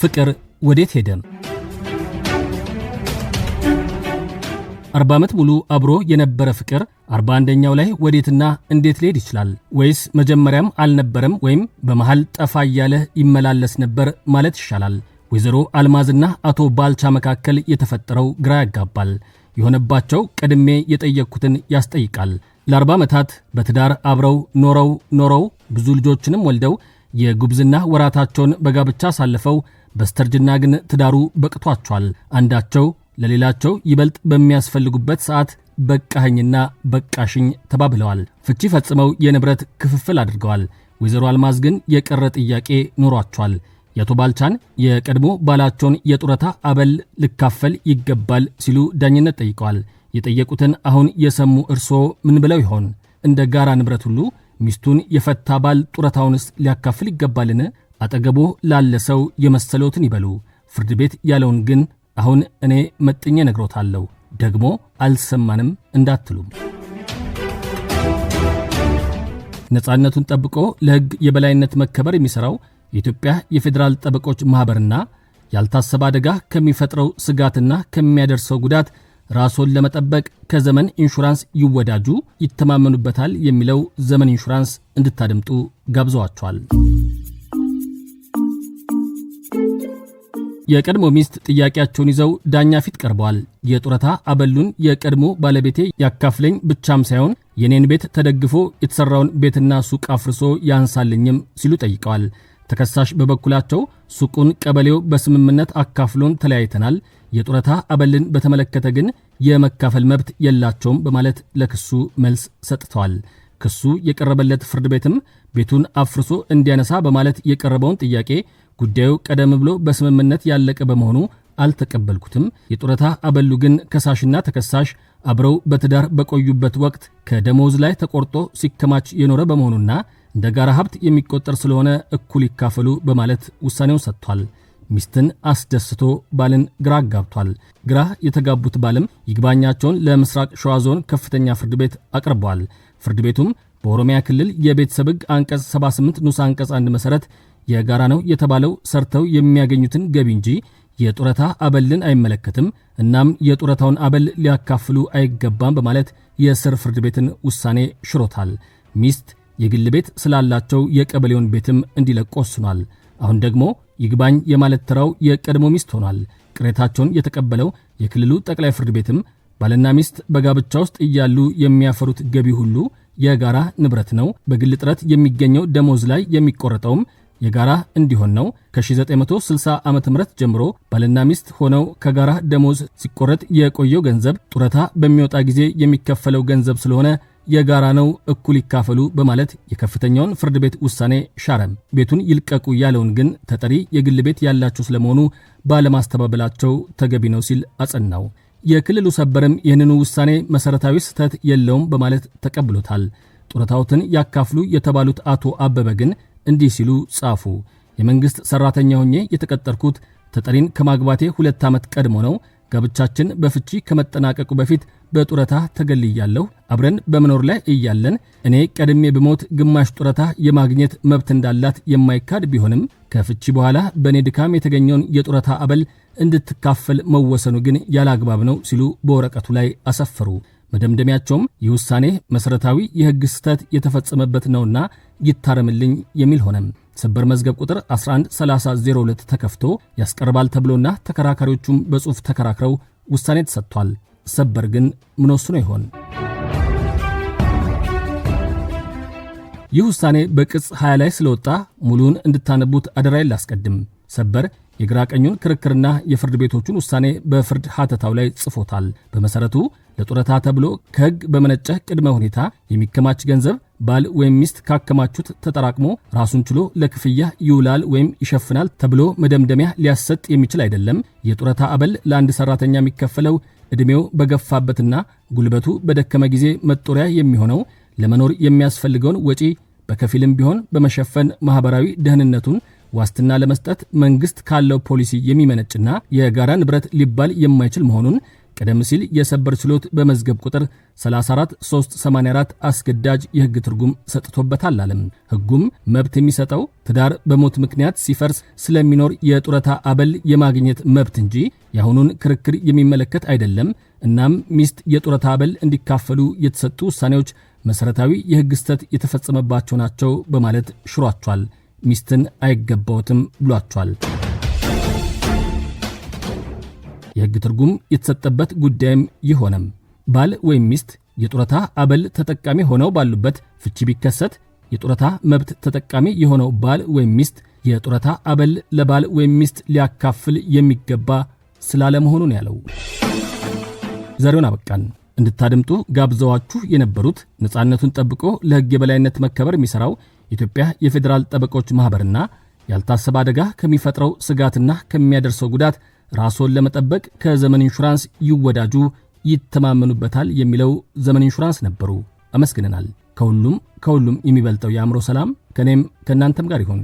ፍቅር ወዴት ሄደ? አርባ ዓመት ሙሉ አብሮ የነበረ ፍቅር አርባ አንደኛው ላይ ወዴትና እንዴት ሊሄድ ይችላል? ወይስ መጀመሪያም አልነበረም ወይም በመሃል ጠፋ እያለ ይመላለስ ነበር ማለት ይሻላል። ወይዘሮ አልማዝና አቶ ባልቻ መካከል የተፈጠረው ግራ ያጋባል። የሆነባቸው ቀድሜ የጠየቅኩትን ያስጠይቃል። ለአርባ ዓመታት በትዳር አብረው ኖረው ኖረው ብዙ ልጆችንም ወልደው የጉብዝና ወራታቸውን በጋብቻ አሳልፈው በስተርጅና ግን ትዳሩ በቅቷቸዋል። አንዳቸው ለሌላቸው ይበልጥ በሚያስፈልጉበት ሰዓት በቃኸኝና በቃሽኝ ተባብለዋል። ፍቺ ፈጽመው የንብረት ክፍፍል አድርገዋል። ወይዘሮ አልማዝ ግን የቀረ ጥያቄ ኖሯቸዋል። የአቶ ባልቻን የቀድሞ ባላቸውን የጡረታ አበል ልካፈል ይገባል ሲሉ ዳኝነት ጠይቀዋል። የጠየቁትን አሁን የሰሙ እርስዎ ምን ብለው ይሆን? እንደ ጋራ ንብረት ሁሉ ሚስቱን የፈታ ባል ጡረታውንስ ሊያካፍል ይገባልን? አጠገቡ ላለ ሰው የመሰሎትን ይበሉ። ፍርድ ቤት ያለውን ግን አሁን እኔ መጥኜ ነግሮታለሁ፣ ደግሞ አልሰማንም እንዳትሉም። ነፃነቱን ጠብቆ ለሕግ የበላይነት መከበር የሚሠራው የኢትዮጵያ የፌዴራል ጠበቆች ማኅበርና ያልታሰበ አደጋ ከሚፈጥረው ስጋትና ከሚያደርሰው ጉዳት ራስዎን ለመጠበቅ ከዘመን ኢንሹራንስ ይወዳጁ፣ ይተማመኑበታል የሚለው ዘመን ኢንሹራንስ እንድታደምጡ ጋብዘዋቸዋል። የቀድሞ ሚስት ጥያቄያቸውን ይዘው ዳኛ ፊት ቀርበዋል። የጡረታ አበሉን የቀድሞ ባለቤቴ ያካፍለኝ ብቻም ሳይሆን የኔን ቤት ተደግፎ የተሰራውን ቤትና ሱቅ አፍርሶ ያንሳልኝም ሲሉ ጠይቀዋል። ተከሳሽ በበኩላቸው ሱቁን ቀበሌው በስምምነት አካፍሎን ተለያይተናል፣ የጡረታ አበልን በተመለከተ ግን የመካፈል መብት የላቸውም በማለት ለክሱ መልስ ሰጥተዋል። ክሱ የቀረበለት ፍርድ ቤትም ቤቱን አፍርሶ እንዲያነሳ በማለት የቀረበውን ጥያቄ ጉዳዩ ቀደም ብሎ በስምምነት ያለቀ በመሆኑ አልተቀበልኩትም። የጡረታ አበሉ ግን ከሳሽና ተከሳሽ አብረው በትዳር በቆዩበት ወቅት ከደሞዝ ላይ ተቆርጦ ሲከማች የኖረ በመሆኑና እንደ ጋራ ሀብት የሚቆጠር ስለሆነ እኩል ይካፈሉ በማለት ውሳኔውን ሰጥቷል። ሚስትን አስደስቶ ባልን ግራ አጋብቷል። ግራ የተጋቡት ባልም ይግባኛቸውን ለምስራቅ ሸዋ ዞን ከፍተኛ ፍርድ ቤት አቅርበዋል። ፍርድ ቤቱም በኦሮሚያ ክልል የቤተሰብ ሕግ አንቀጽ 78 ንዑስ አንቀጽ 1 መሠረት የጋራ ነው የተባለው ሰርተው የሚያገኙትን ገቢ እንጂ የጡረታ አበልን አይመለከትም። እናም የጡረታውን አበል ሊያካፍሉ አይገባም በማለት የስር ፍርድ ቤትን ውሳኔ ሽሮታል። ሚስት የግል ቤት ስላላቸው የቀበሌውን ቤትም እንዲለቆስኗል ወስኗል። አሁን ደግሞ ይግባኝ የማለት ተራው የቀድሞ ሚስት ሆኗል። ቅሬታቸውን የተቀበለው የክልሉ ጠቅላይ ፍርድ ቤትም ባልና ሚስት በጋብቻ ውስጥ እያሉ የሚያፈሩት ገቢ ሁሉ የጋራ ንብረት ነው፣ በግል ጥረት የሚገኘው ደሞዝ ላይ የሚቆረጠውም የጋራ እንዲሆን ነው። ከ1960 ዓ ም ጀምሮ ባልና ሚስት ሆነው ከጋራ ደሞዝ ሲቆረጥ የቆየው ገንዘብ ጡረታ በሚወጣ ጊዜ የሚከፈለው ገንዘብ ስለሆነ የጋራ ነው፣ እኩል ይካፈሉ በማለት የከፍተኛውን ፍርድ ቤት ውሳኔ ሻረም። ቤቱን ይልቀቁ ያለውን ግን ተጠሪ የግል ቤት ያላቸው ስለመሆኑ ባለማስተባበላቸው ተገቢ ነው ሲል አጸናው። የክልሉ ሰበርም ይህንኑ ውሳኔ መሰረታዊ ስህተት የለውም በማለት ተቀብሎታል። ጡረታዎትን ያካፍሉ የተባሉት አቶ አበበ ግን እንዲህ ሲሉ ጻፉ። የመንግሥት ሠራተኛ ሆኜ የተቀጠርኩት ተጠሪን ከማግባቴ ሁለት ዓመት ቀድሞ ነው። ጋብቻችን በፍቺ ከመጠናቀቁ በፊት በጡረታ ተገልያለሁ። አብረን በመኖር ላይ እያለን እኔ ቀድሜ ብሞት ግማሽ ጡረታ የማግኘት መብት እንዳላት የማይካድ ቢሆንም ከፍቺ በኋላ በእኔ ድካም የተገኘውን የጡረታ አበል እንድትካፈል መወሰኑ ግን ያለ አግባብ ነው ሲሉ በወረቀቱ ላይ አሰፈሩ። መደምደሚያቸውም ይህ ውሳኔ መሠረታዊ የሕግ ስህተት የተፈጸመበት ነውና ይታረምልኝ የሚል ሆነም። ሰበር መዝገብ ቁጥር 11302 ተከፍቶ ያስቀርባል ተብሎና ተከራካሪዎቹም በጽሑፍ ተከራክረው ውሳኔ ተሰጥቷል። ሰበር ግን ምን ወስኖ ይሆን? ይህ ውሳኔ በቅጽ 20 ላይ ስለወጣ ሙሉውን እንድታነቡት አደራይ ላስቀድም። ሰበር የግራ ቀኙን ክርክርና የፍርድ ቤቶቹን ውሳኔ በፍርድ ሀተታው ላይ ጽፎታል። በመሰረቱ ለጡረታ ተብሎ ከህግ በመነጨ ቅድመ ሁኔታ የሚከማች ገንዘብ ባል ወይም ሚስት ካከማቹት ተጠራቅሞ ራሱን ችሎ ለክፍያ ይውላል ወይም ይሸፍናል ተብሎ መደምደሚያ ሊያሰጥ የሚችል አይደለም። የጡረታ አበል ለአንድ ሰራተኛ የሚከፈለው ዕድሜው በገፋበትና ጉልበቱ በደከመ ጊዜ መጦሪያ የሚሆነው ለመኖር የሚያስፈልገውን ወጪ በከፊልም ቢሆን በመሸፈን ማህበራዊ ደህንነቱን ዋስትና ለመስጠት መንግስት ካለው ፖሊሲ የሚመነጭና የጋራ ንብረት ሊባል የማይችል መሆኑን ቀደም ሲል የሰበር ችሎት በመዝገብ ቁጥር 34384 አስገዳጅ የህግ ትርጉም ሰጥቶበታል አለም። ህጉም መብት የሚሰጠው ትዳር በሞት ምክንያት ሲፈርስ ስለሚኖር የጡረታ አበል የማግኘት መብት እንጂ የአሁኑን ክርክር የሚመለከት አይደለም። እናም ሚስት የጡረታ አበል እንዲካፈሉ የተሰጡ ውሳኔዎች መሠረታዊ የህግ ስህተት የተፈጸመባቸው ናቸው በማለት ሽሯቸዋል። ሚስትን አይገባውትም ብሏቸዋል። የሕግ ትርጉም የተሰጠበት ጉዳይም ይሆንም ባል ወይም ሚስት የጡረታ አበል ተጠቃሚ ሆነው ባሉበት ፍቺ ቢከሰት የጡረታ መብት ተጠቃሚ የሆነው ባል ወይም ሚስት የጡረታ አበል ለባል ወይም ሚስት ሊያካፍል የሚገባ ስላለመሆኑን ያለው። ዛሬውን አበቃን። እንድታደምጡ ጋብዘዋችሁ የነበሩት ነፃነቱን ጠብቆ ለሕግ የበላይነት መከበር የሚሠራው የኢትዮጵያ የፌዴራል ጠበቆች ማኅበርና ያልታሰበ አደጋ ከሚፈጥረው ስጋትና ከሚያደርሰው ጉዳት ራስዎን ለመጠበቅ ከዘመን ኢንሹራንስ ይወዳጁ፣ ይተማመኑበታል የሚለው ዘመን ኢንሹራንስ ነበሩ። አመስግነናል። ከሁሉም ከሁሉም የሚበልጠው የአእምሮ ሰላም ከእኔም ከእናንተም ጋር ይሆን